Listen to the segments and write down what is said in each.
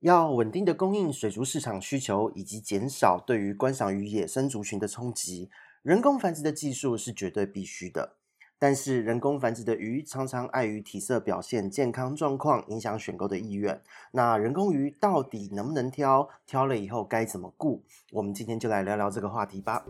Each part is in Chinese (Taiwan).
要穩定的供應水族市場需求，以及減少對於觀賞魚野生族群的衝擊，人工繁殖的技術是絕對必須的。但是人工繁殖的魚常常礙於體色表現、健康狀況，影響選購的意願。那人工魚到底能不能挑？挑了以後該怎麼顧？我們今天就來聊聊這個話題吧。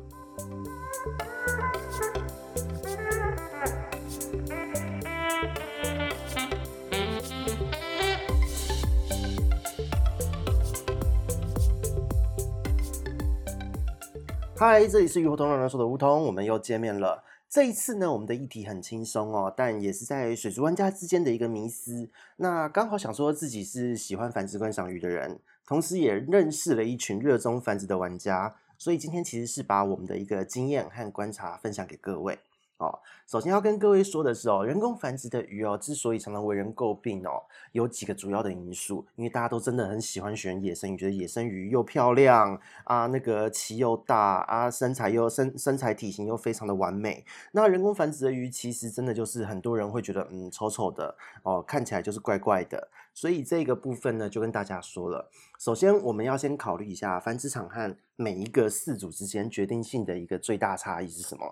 嗨，Hi, 這裡是魚活通讓人說的活通，我們又見面了。這一次呢，我們的議題很輕鬆哦，但也是在水族玩家之間的一個迷思。那剛好想說自己是喜歡繁殖觀賞魚的人，同時也認識了一群熱衷繁殖的玩家，所以今天其實是把我們的一個經驗和觀察分享給各位。哦，首先要跟各位說的是哦，人工繁殖的魚哦，之所以常常為人詬病哦，有幾個主要的因素。因為大家都真的很喜歡選野生魚，覺得野生魚又漂亮啊，那個鰭又大啊，身材又身身材體型又非常的完美。那人工繁殖的魚，其實真的就是很多人會覺得嗯，醜丑的哦，看起來就是怪怪的。所以這個部分呢，就跟大家說了。首先，我們要先考慮一下繁殖場和每一個飼主之間決定性的一個最大差異是什麼。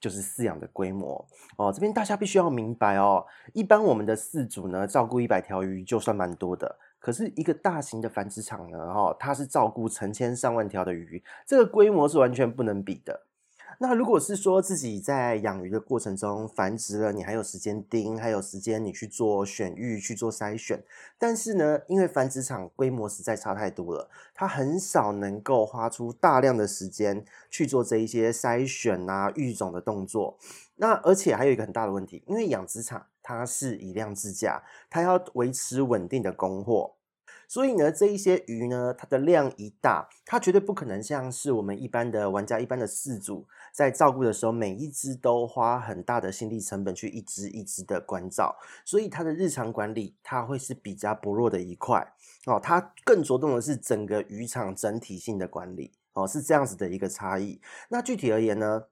就是飼養的規模哦，這邊大家必須要明白哦。一般我們的飼主呢，照顧一百條魚就算蠻多的，可是一個大型的繁殖場呢，哦，它是照顧成千上萬條的魚，這個規模是完全不能比的。那如果是說自己在養魚的過程中繁殖了，你還有時間盯，還有時間你去做選育、去做篩選，但是呢，因為繁殖場規模實在差太多了，它很少能夠花出大量的時間去做這一些篩選啊、育種的動作。那而且還有一個很大的問題，因為養殖場它是以量制價，它要維持穩定的供貨。所以呢，這一些魚呢，它的量一大，它絕對不可能像是我們一般的玩家、一般的飼主在照顧的時候，每一隻都花很大的心力成本去一隻一隻的關照。所以它的日常管理，它會是比較薄弱的一塊。哦，它更着重的是整個魚場整體性的管理。哦，是這樣子的一個差異。那具體而言呢？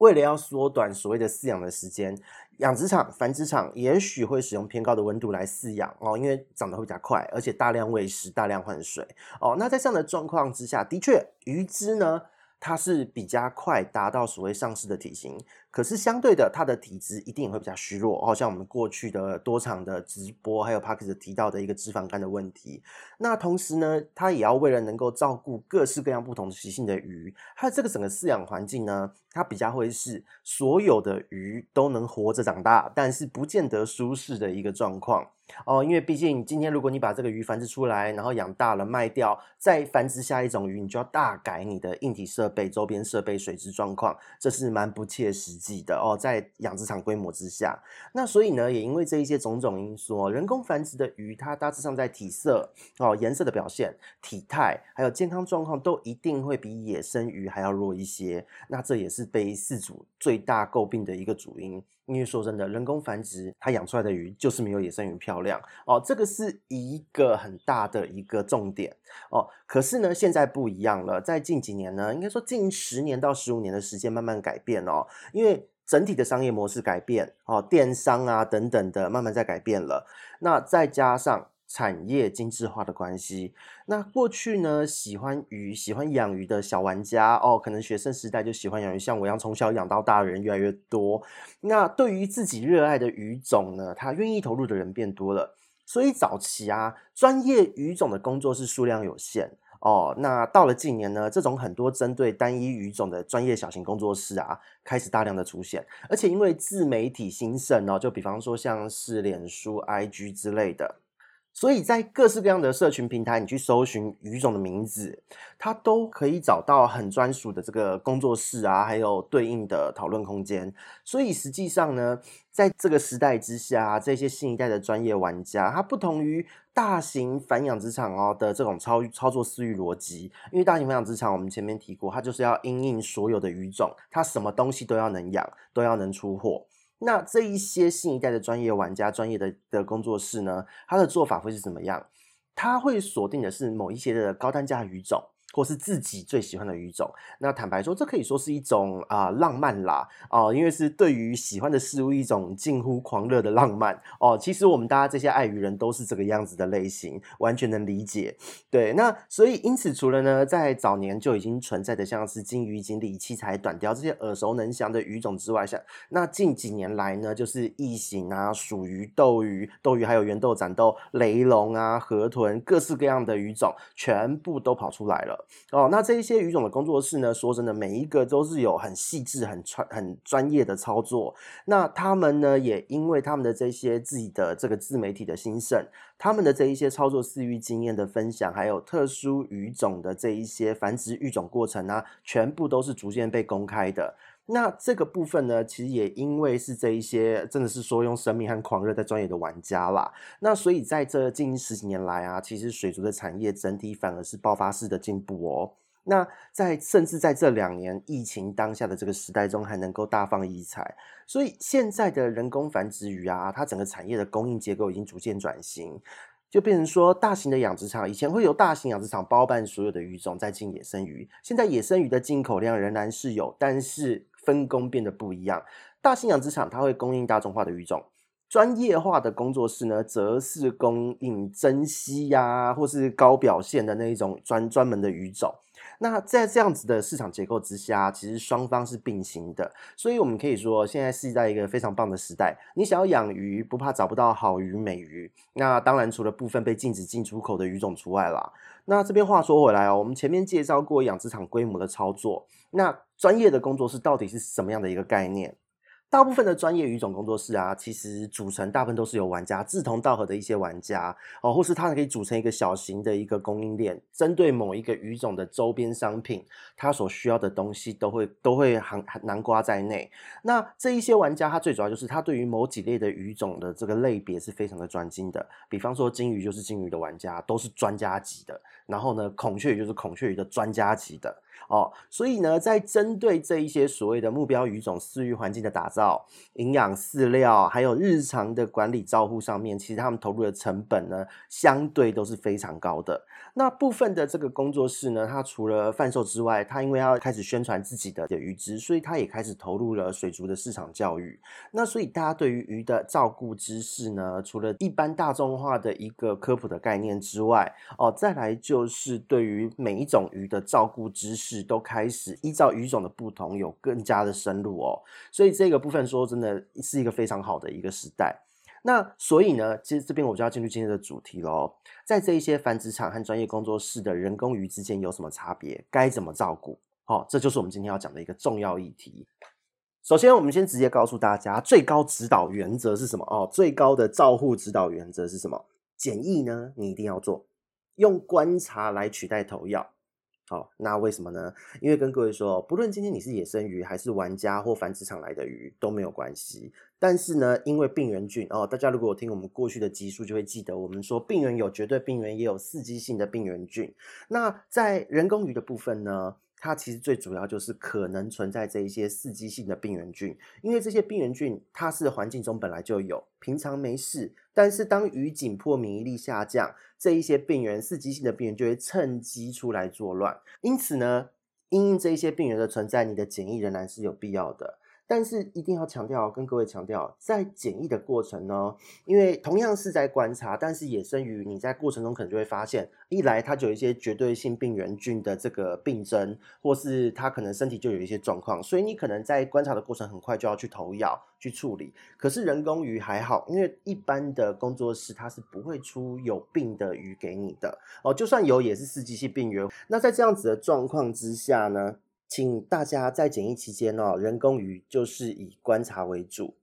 為了要縮短所謂的飼養的時間，養殖場、繁殖場也許會使用偏高的溫度來飼養哦，因為長得會比較快，而且大量餵食、大量換水哦。那在這樣的狀況之下，的確，魚隻呢，它是比較快達到所謂上市的體型。可是相對的，它的體質一定會比較虛弱好像我們過去的多場的直播，還有 p a r k 提到的一個脂肪肝的問題。那同時呢，它也要為了能夠照顧各式各樣不同的習性的魚，它這個整個飼養環境呢，它比較會是所有的魚都能活着長大，但是不見得舒適的一個狀況哦。因為畢竟今天，如果你把這個魚繁殖出來，然後養大了賣掉，再繁殖下一種魚，你就要大改你的硬體設備、周邊設備、水質狀況，這是蠻不切實的。己的哦，在養殖場規模之下。那所以呢，也因為這一些種種因素，人工繁殖的魚，它大致上在體色哦、顏色的表現、體態還有健康狀況，都一定會比野生魚還要弱一些。那這也是被飼主最大詬病的一個主因。因為說真的，人工繁殖它養出來的魚就是沒有野生魚漂亮哦，這個是一個很大的一個重點哦。可是呢，現在不一樣了，在近幾年呢，應該說近十年到十五年的時間慢慢改變哦，因為整體的商業模式改變哦，電商啊等等的慢慢在改變了。那再加上，產業精致化的關係，那過去呢，喜歡魚、喜歡養魚的小玩家哦，可能學生時代就喜歡養魚，像我一樣從小養到大的人越來越多。那對於自己熱愛的魚種呢，他願意投入的人變多了，所以早期啊，專業魚種的工作室數量有限哦。那到了近年呢，這種很多針對單一魚種的專業小型工作室啊，開始大量的出現，而且因為自媒體興盛哦，就比方說像是臉書、IG 之類的。所以在各式各樣的社群平台，你去搜尋魚種的名字，它都可以找到很專屬的這個工作室啊，還有對應的討論空間。所以實際上呢，在這個時代之下，這些新一代的專業玩家，它不同於大型繁養殖場哦的這種操操作思維邏輯。因為大型繁養殖場，我們前面提過，它就是要因應所有的魚種，它什麼東西都要能養，都要能出貨。那這一些新一代的專業玩家，專業的的工作室呢？他的做法會是怎麼樣？他會鎖定的是某一些的高單價魚種。或是自己最喜歡的魚種，那坦白說，這可以說是一種啊、呃、浪漫啦哦、呃，因為是對於喜歡的事物一種近乎狂熱的浪漫哦、呃。其實我們大家這些愛魚人都是這個樣子的類型，完全能理解。對，那所以因此，除了呢在早年就已經存在的像是金魚、錦鯉、七彩短鯛這些耳熟能詳的魚種之外，像那近幾年來呢，就是異形啊、鼠魚、鬥魚、鬥魚還有圓鬥、斬鬥、雷龍啊、河豚，各式各樣的魚種全部都跑出來了。哦，那這一些魚種的工作室呢，說真的，每一個都是有很細緻、很專、很專業的操作。那他們呢，也因為他們的這些自己的這個自媒體的興盛，他們的這一些操作飼育經驗的分享，還有特殊魚種的這一些繁殖育種過程啊，全部都是逐漸被公開的。那這個部分呢，其實也因為是這一些，真的是說用生命和狂熱在專業的玩家啦。那所以在這近十幾年來啊，其實水族的產業整體反而是爆發式的進步哦。那在甚至在這兩年疫情當下的這個時代中，還能夠大放異彩。所以現在的人工繁殖魚啊，它整個產業的供應結構已經逐漸轉型，就變成說大型的養殖場以前會由大型養殖場包辦所有的魚種再進野生魚，現在野生魚的進口量仍然是有，但是。分工變得不一樣，大型養殖場它會供應大眾化的魚種，專業化的工作室呢，則是供應珍稀呀、啊、或是高表現的那一種專專門的魚種。那在這樣子的市場結構之下，其實雙方是並行的，所以我們可以說，現在是在一個非常棒的時代。你想要養魚，不怕找不到好魚美魚。那當然，除了部分被禁止進出口的魚種除外啦，那這邊話說回來哦，我們前面介紹過養殖場規模的操作，那專業的工作室到底是什麼樣的一個概念？大部分的專業魚種工作室啊，其實組成大部分都是由玩家志同道合的一些玩家哦，或是他可以組成一個小型的一個供應鏈，針對某一個魚種的周邊商品，他所需要的東西都會都會涵蓋在內。那這一些玩家，他最主要就是他對於某幾類的魚種的這個類別是非常的專精的。比方說金魚就是金魚的玩家都是專家級的，然後呢孔雀魚就是孔雀魚的專家級的。哦，所以呢，在針對這一些所謂的目標魚種、飼育環境的打造、營養飼料，還有日常的管理照護上面，其實他們投入的成本呢，相對都是非常高的。那部分的這個工作室呢，他除了販售之外，他因為要開始宣傳自己的魚隻，所以他也開始投入了水族的市場教育。那所以大家對於魚的照顧知識呢，除了一般大眾化的一個科普的概念之外，哦，再來就是對於每一種魚的照顧知識。都開始依照魚種的不同有更加的深入哦，所以這個部分說真的是一個非常好的一個時代。那所以呢，其實這邊我就要進入今天的主題嘍，在這一些繁殖場和專業工作室的人工魚之間有什麼差別？該怎麼照顧？哦，這就是我們今天要講的一個重要議題。首先，我們先直接告訴大家，最高指導原則是什麼？哦，最高的照護指導原則是什麼？檢疫呢，你一定要做，用觀察來取代投藥。好，那為什麼呢？因為跟各位說，不論今天你是野生魚還是玩家或繁殖場來的魚都沒有關係。但是呢，因為病原菌哦，大家如果有聽我們過去的集數就會記得，我們說病原有絕對病原，也有刺激性的病原菌。那在人工魚的部分呢，它其實最主要就是可能存在這一些刺激性的病原菌，因為這些病原菌它是環境中本來就有，平常沒事。但是當魚緊迫，免疫力下降，這一些病原，刺激性的病原就會趁機出來作亂。因此呢，因應這一些病原的存在，你的檢疫仍然是有必要的。但是一定要強調，跟各位強調，在檢疫的過程呢、喔，因為同樣是在觀察，但是野生魚你在過程中可能就會發現，一來它就有一些絕對性病原菌的這個病徵，或是它可能身體就有一些狀況，所以你可能在觀察的過程很快就要去投藥去處理。可是人工魚還好，因為一般的工作室它是不會出有病的魚給你的哦、喔，就算有也是次級性病原。那在這樣子的狀況之下呢，請大家在檢疫期間哦，人工魚就是以觀察為主。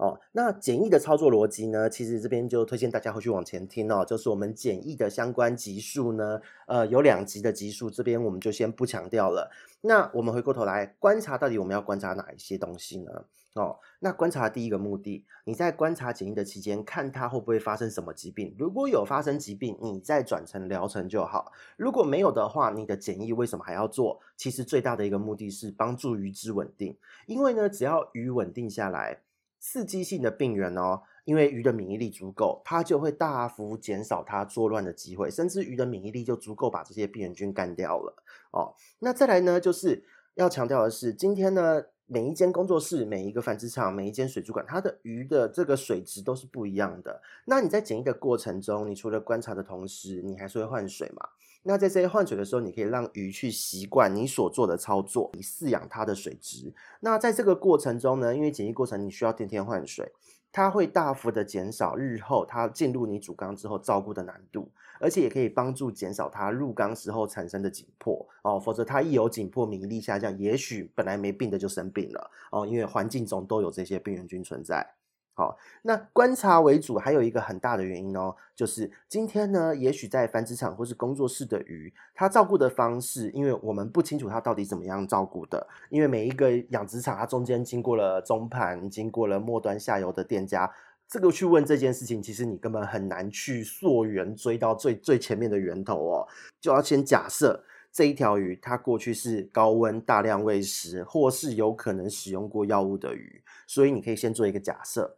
哦，那檢疫的操作邏輯呢？其實這邊就推薦大家回去往前聽哦。就是我們檢疫的相關集數呢，呃，有兩集的集數，這邊我們就先不強調了。那我們回過頭來觀察，到底我們要觀察哪一些東西呢？哦，那觀察第一個目的，你在觀察檢疫的期間，看它會不會發生什麼疾病。如果有發生疾病，你再轉成療程就好。如果沒有的話，你的檢疫為什麼還要做？其實最大的一個目的是幫助魚隻穩定，因為呢，只要魚穩定下來。刺激性的病原哦，因為魚的免疫力足夠，它就會大幅減少它作亂的機會，甚至魚的免疫力就足夠把這些病原菌幹掉了哦。那再來呢，就是要強調的是，今天呢，每一間工作室、每一個繁殖場、每一間水族館，它的魚的這個水質都是不一樣的。那你在檢疫的過程中，你除了觀察的同時，你還是會換水嘛？那在這些換水的時候，你可以讓魚去習慣你所做的操作，你飼養它的水質。那在這個過程中呢，因為檢疫過程你需要天天換水，它會大幅的減少日後它進入你主缸之後照顧的難度，而且也可以幫助減少它入缸時候產生的緊迫哦。否則它一有緊迫，免疫力下降，也許本來沒病的就生病了哦，因為環境中都有這些病原菌存在。好，那觀察為主，還有一個很大的原因哦，就是今天呢，也許在繁殖場或是工作室的魚，它照顧的方式，因為我們不清楚它到底怎麼樣照顧的，因為每一個養殖場，它中間經過了中盤，經過了末端下游的店家，這個去問這件事情，其實你根本很難去溯源追到最最前面的源頭哦，就要先假設這一條魚，它過去是高溫大量餵食，或是有可能使用過藥物的魚，所以你可以先做一個假設。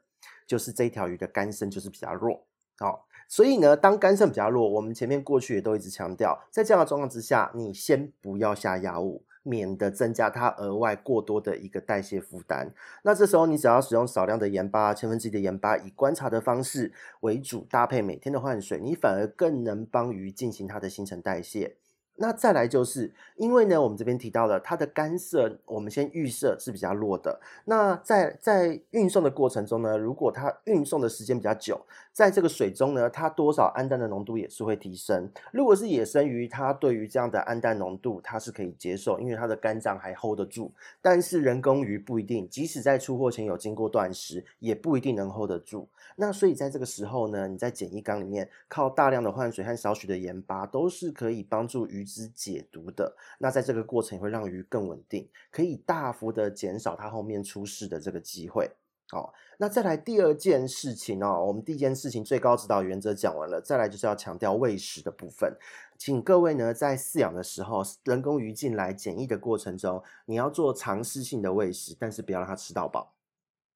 就是這一條魚的肝腎就是比較弱，好、哦，所以呢，當肝腎比較弱，我們前面過去也都一直強調，在這樣的狀況之下，你先不要下藥物，免得增加它額外過多的一個代謝負擔。那這時候你只要使用少量的鹽巴，千分之一的鹽巴，以觀察的方式為主，搭配每天的換水，你反而更能幫魚進行它的新陳代謝。那再來就是因為呢，我們這邊提到了它的乾澀，我們先預設是比較弱的。那在在運送的過程中呢，如果它運送的時間比較久，在這個水中呢，它多少氨氮的濃度也是會提升。如果是野生魚，它對於這樣的氨氮濃度它是可以接受，因為它的肝臟還 hold 得住。但是人工魚不一定，即使在出貨前有經過斷食，也不一定能 hold 得住。那所以在這個時候呢，你在檢疫缸裡面靠大量的換水和少許的鹽巴，都是可以幫助魚。魚之解毒的，那在這個過程也會讓魚更穩定，可以大幅的減少它後面出事的這個機會。哦，那再來第二件事情哦，我們第一件事情最高指導原則講完了，再來就是要強調餵食的部分，請各位呢在飼養的時候，人工魚進來檢疫的過程中，你要做嘗試性的餵食，但是不要讓它吃到飽。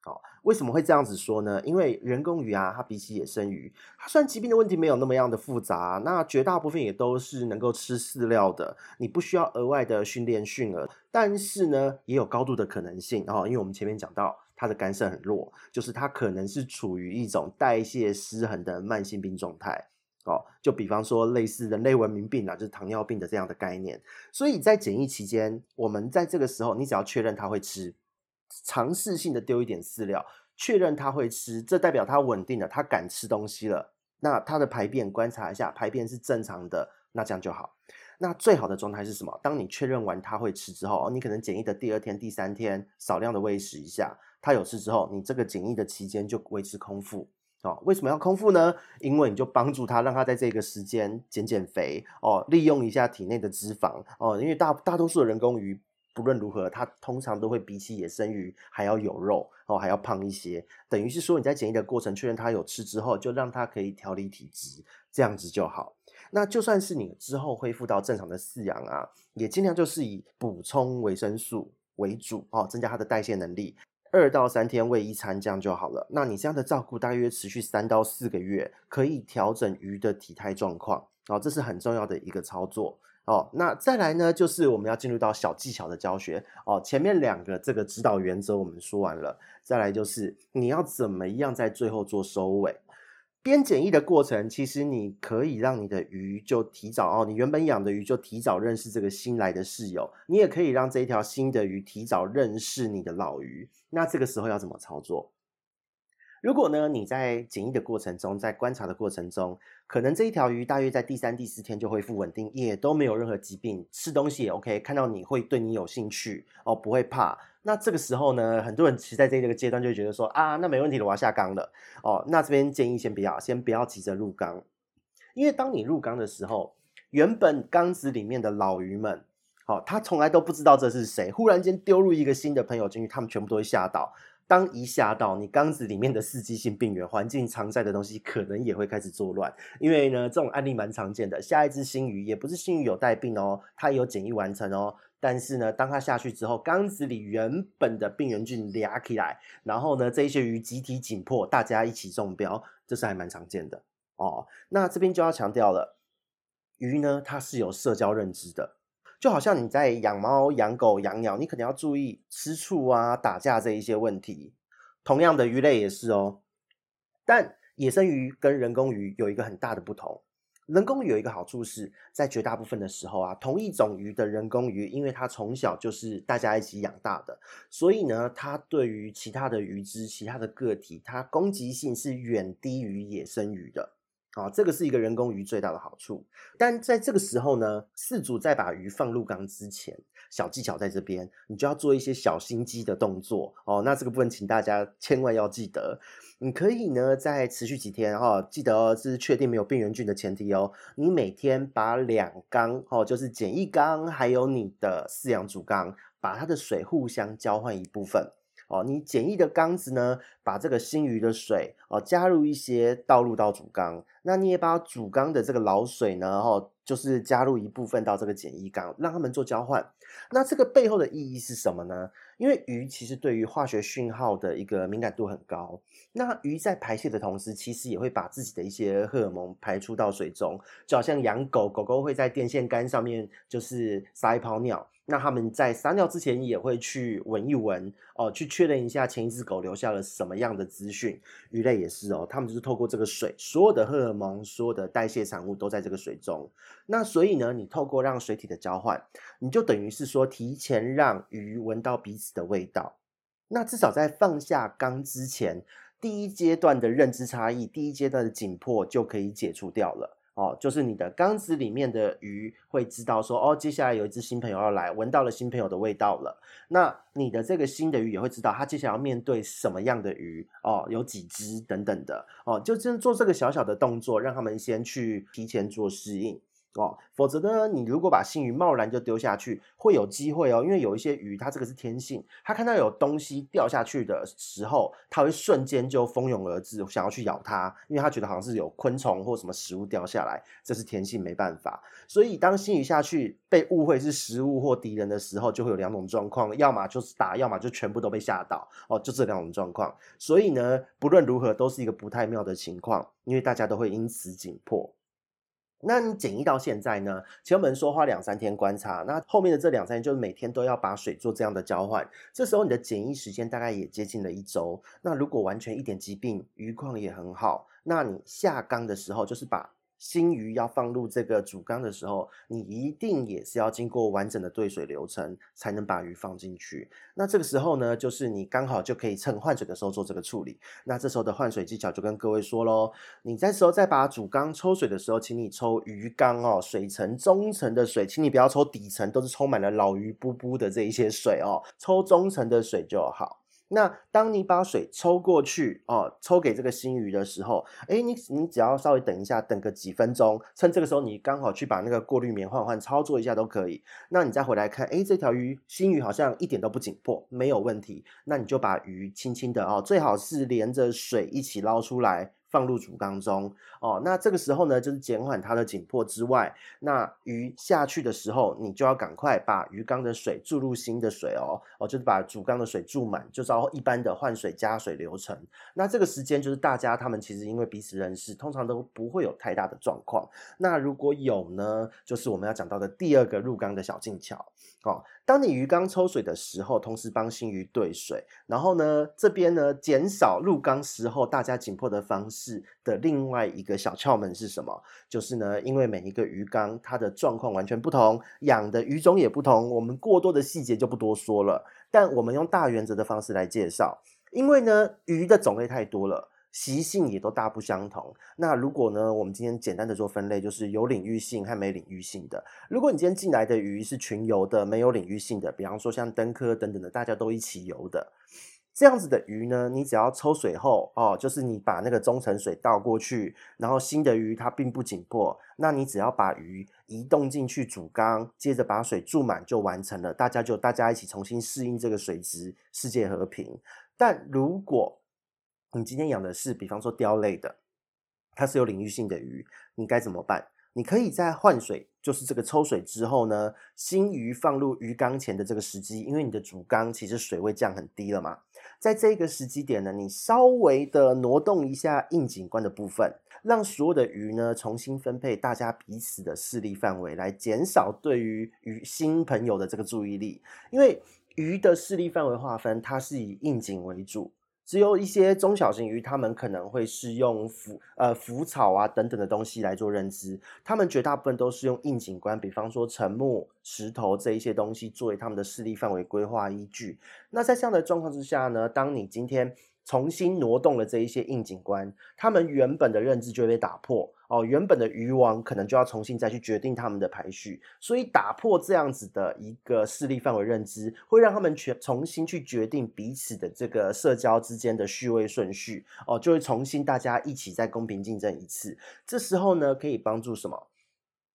哦，為什麼會這樣子說呢？因為人工魚啊，它比起野生魚，它雖然疾病的問題沒有那麼樣的複雜，那絕大部分也都是能夠吃飼料的，你不需要額外的訓練馴餌，但是呢，也有高度的可能性哦。因為我們前面講到它的肝腎很弱，就是它可能是處於一種代謝失衡的慢性病狀態哦。就比方說類似人類文明病啊，就是糖尿病的這樣的概念。所以在檢疫期間，我們在這個時候，你只要確認它會吃。嘗試性的丟一點飼料，確認它會吃，這代表它穩定了，它敢吃東西了。那它的排便觀察一下，排便是正常的，那這樣就好。那最好的狀態是什麼？當你確認完它會吃之後，你可能檢疫的第二天、第三天少量的餵食一下，它有吃之後，你這個檢疫的期間就維持空腹哦，為什麼要空腹呢？因為你就幫助它，讓它在這個時間減減肥哦，利用一下體內的脂肪哦。因為大大多數的人工魚。不論如何，它通常都會比起野生魚還要有肉哦，還要胖一些。等於是說你在檢疫的過程確認它有吃之後，就讓它可以調理體質，這樣子就好。那就算是你之後恢復到正常的飼養啊，也盡量就是以補充維生素為主哦，增加它的代謝能力。二到三天餵一餐這樣就好了。那你這樣的照顧大約持續三到四個月，可以調整魚的體態狀況哦，這是很重要的一個操作。哦，那再來呢？就是我們要進入到小技巧的教學哦。前面兩個這個指導原則我們說完了，再來就是你要怎麼樣在最後做收尾編檢疫的過程。其實你可以讓你的魚就提早哦，你原本養的魚就提早認識這個新來的室友。你也可以讓這一條新的魚提早認識你的老魚。那這個時候要怎麼操作？如果呢，你在檢疫的過程中，在觀察的過程中，可能這一條魚大約在第三、第四天就恢復穩定，也都沒有任何疾病，吃東西也 OK，看到你會對你有興趣哦，不會怕。那這個時候呢，很多人其實在這個階段就會覺得說啊，那沒問題了，我要下缸了哦。那這邊建議先不要，先不要急着入缸，因為當你入缸的時候，原本缸子裡面的老魚們，哦，它從來都不知道這是誰，忽然間丟入一個新的朋友進去，他們全部都會嚇到。當一下到你缸子裡面的伺機性病原、環境常在的東西，可能也會開始作亂。因為呢，這種案例蠻常見的。下一隻新魚也不是新魚有帶病哦，它也有檢疫完成哦。但是呢，當它下去之後，缸子裡原本的病原菌拉起來，然後呢，這一些魚集體緊迫，大家一起中標，這是還蠻常見的哦。那這邊就要強調了，魚呢，它是有社交認知的。就好像你在養貓、養狗、養鳥，你肯定要注意吃醋啊、打架這一些問題。同樣的魚類也是哦，但野生魚跟人工魚有一個很大的不同。人工魚有一個好處是，在絕大部分的時候啊，同一種魚的人工魚，因為它從小就是大家一起養大的，所以呢，它對於其他的魚只、其他的個體，它攻擊性是遠低於野生魚的。好、哦，這個是一個人工魚最大的好處。但在這個時候呢，飼主在把魚放入缸之前，小技巧在這邊，你就要做一些小心機的動作哦。那這個部分，請大家千萬要記得。你可以呢，在持續幾天哈、哦，記得、哦、是確定沒有病原菌的前提哦。你每天把兩缸哦，就是檢疫缸還有你的飼養主缸，把它的水互相交換一部分。哦，你簡易的缸子呢，把這個新魚的水哦，加入一些，倒入到主缸，那你也把主缸的這個老水呢，齁。就是加入一部分到這個檢疫缸，讓他們做交換。那這個背後的意義是什麼呢？因為魚其實對於化學訊號的一個敏感度很高。那魚在排泄的同時，其實也會把自己的一些荷爾蒙排出到水中，就好像養狗狗狗會在電線桿上面就是撒一泡尿。那他們在撒尿之前也會去聞一聞哦，去確認一下前一只狗留下了什麼樣的資訊。魚類也是哦，他們就是透過這個水，所有的荷爾蒙、所有的代謝產物都在這個水中。那所以呢，你透過讓水體的交換，你就等於是說，提前讓魚聞到彼此的味道。那至少在放下缸之前，第一階段的認知差異，第一階段的緊迫就可以解除掉了。哦，就是你的缸子裡面的魚會知道說，哦，接下來有一隻新朋友要來，聞到了新朋友的味道了。那你的這個新的魚也會知道，它接下來要面對什麼樣的魚，哦，有幾隻等等的。哦，就先做這個小小的動作，讓他們先去提前做適應。哦，否則呢，你如果把新魚貿然就丟下去，會有機會哦。因為有一些魚，它這個是天性，它看到有東西掉下去的時候，它會瞬間就蜂擁而至，想要去咬它，因為它覺得好像是有昆蟲或什麼食物掉下來，這是天性，沒辦法。所以當新魚下去被誤會是食物或敵人的時候，就會有兩種狀況：要麼就是打，要麼就全部都被嚇倒。哦，就這兩種狀況。所以呢，不論如何，都是一個不太妙的情況，因為大家都會因此緊迫。那你檢疫到現在呢？前面說花兩三天觀察，那後面的這兩三天就是每天都要把水做這樣的交換。這時候你的檢疫時間大概也接近了一周。那如果完全一點疾病，魚況也很好，那你下缸的時候就是把。新魚要放入這個主缸的時候，你一定也是要經過完整的兌水流程，才能把魚放進去。那這個時候呢，就是你剛好就可以趁換水的時候做這個處理。那這時候的換水技巧就跟各位說囉，你這時候再把主缸抽水的時候，請你抽魚缸哦、喔，水層中層的水，請你不要抽底層，都是充滿了老魚噗噗的這一些水哦、喔，抽中層的水就好。那當你把水抽過去哦，抽給這個新魚的時候，哎，你你只要稍微等一下，等個幾分鐘，趁這個時候你剛好去把那個過濾棉換換，操作一下都可以。那你再回來看，哎，這條魚新魚好像一點都不緊迫，沒有問題。那你就把魚輕輕的哦，最好是連着水一起撈出來。放入主缸中哦，那這個時候呢，就是減緩它的緊迫之外，那魚下去的時候，你就要趕快把魚缸的水注入新的水哦，哦，就是把主缸的水注滿，就照、是、一般的換水加水流程。那這個時間就是大家他們其實因為彼此認識，通常都不會有太大的狀況。那如果有呢，就是我們要講到的第二個入缸的小技巧哦。當你魚缸抽水的時候，同時幫新魚兌水，然後呢，這邊呢，減少入缸時候大家緊迫的方式的另外一個小竅門是什麼？就是呢，因為每一個魚缸它的狀況完全不同，養的魚種也不同，我們過多的細節就不多說了。但我們用大原則的方式來介紹，因為呢魚的種類太多了。習性也都大不相同，那如果呢，我們今天簡單的做分類，就是有領域性和沒領域性的。如果你今天進來的魚是群游的，沒有領域性的，比方說像燈科等等的，大家都一起游的，這樣子的魚呢，你只要抽水後哦，就是你把那個中層水倒過去，然後新的魚它並不緊迫，那你只要把魚移動進去主缸，接着把水注滿就完成了，大家就大家一起重新適應這個水質，世界和平。但如果你今天養的是，比方說鯛類的，它是有領域性的魚，你該怎麼辦？你可以在換水，就是這個抽水之後呢，新魚放入魚缸前的這個時機，因為你的主缸其實水位降很低了嘛，在這個時機點呢，你稍微的挪動一下硬景觀的部分，讓所有的魚呢重新分配大家彼此的勢力範圍，來減少對於魚新朋友的這個注意力，因為魚的勢力範圍劃分，它是以硬景為主。只有一些中小型魚，它們可能會是用浮呃浮草啊等等的東西來做認知。它們絕大部分都是用硬景觀，比方說沉木、石頭這一些東西作為它們的勢力範圍規劃依據。那在這樣的狀況之下呢，當你今天重新挪動了這一些硬景觀，它們原本的認知就會被打破。哦，原本的魚王可能就要重新再去決定他們的排序，所以打破這樣子的一個勢力範圍認知，會讓他們全重新去決定彼此的這個社交之間的序位順序。哦，就會重新大家一起再公平競爭一次。這時候呢，可以幫助什麼？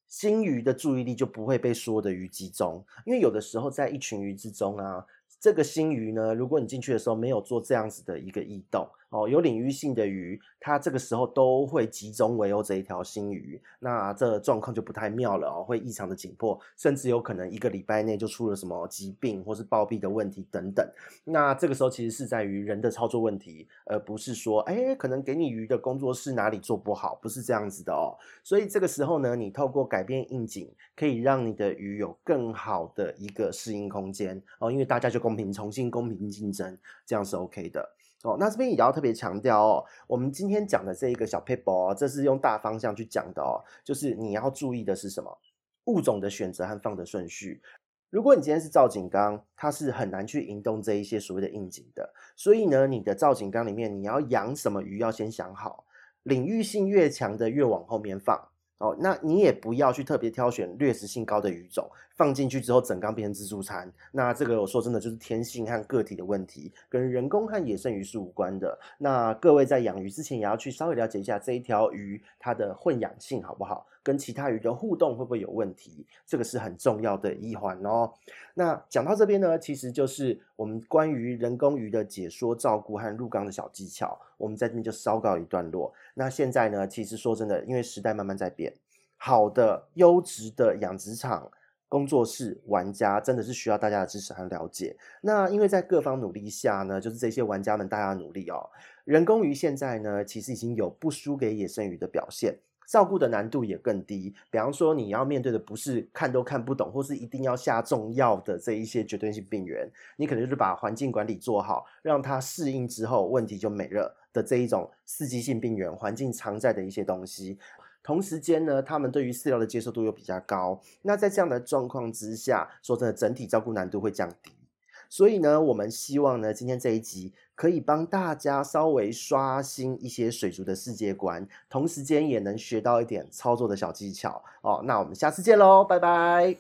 新魚的注意力就不會被所有的魚集中，因為有的時候在一群魚之中啊，這個新魚呢，如果你進去的時候沒有做這樣子的一個異動。哦，有領域性的魚，它這個時候都會集中圍毆這一條新魚，那這狀況就不太妙了哦，會異常的緊迫，甚至有可能一個禮拜內就出了什麼疾病或是暴斃的問題等等。那這個時候其實是在於人的操作問題，而不是說，哎、欸，可能給你魚的工作室哪裡做不好，不是這樣子的哦。所以這個時候呢，你透過改變應景，可以讓你的魚有更好的一個適應空間哦，因為大家就公平重新公平競爭，這樣是 OK 的。哦，那這邊也要特別強調哦，我們今天講的這一個小撇步哦，這是用大方向去講的哦，就是你要注意的是什麼物種的選擇和放的順序。如果你今天是造景缸，它是很難去引動這一些所謂的應景的，所以呢，你的造景缸裡面你要養什麼魚要先想好，領域性越強的越往後面放哦，那你也不要去特別挑選掠食性高的魚種，放進去之後，整缸變成自助餐。那這個我說真的，就是天性和個體的問題，跟人工和野生魚是無關的。那各位在養魚之前，也要去稍微了解一下這一條魚它的混養性好不好，跟其他魚的互動會不會有問題，這個是很重要的一環哦、喔。那講到這邊呢，其實就是我們關於人工魚的解說、照顧和入缸的小技巧，我們在這邊就稍告一段落。那現在呢，其實說真的，因為時代慢慢在變，好的優質的養殖場。工作室、玩家真的是需要大家的支持和了解。那因為在各方努力下呢，就是這些玩家們大家努力哦、喔，人工魚現在呢其實已經有不輸給野生魚的表現，照顧的難度也更低。比方說你要面對的不是看都看不懂，或是一定要下重藥的這一些絕對性病原，你可能就是把環境管理做好，讓它適應之後，問題就沒了的這一種刺激性病原，環境常在的一些東西。同時間呢，他們對於飼料的接受度又比較高，那在這樣的狀況之下，說真的，整體照顧難度會降低。所以呢，我們希望呢，今天這一集可以幫大家稍微刷新一些水族的世界觀，同時間也能學到一點操作的小技巧哦。那我們下次見嘍，拜拜。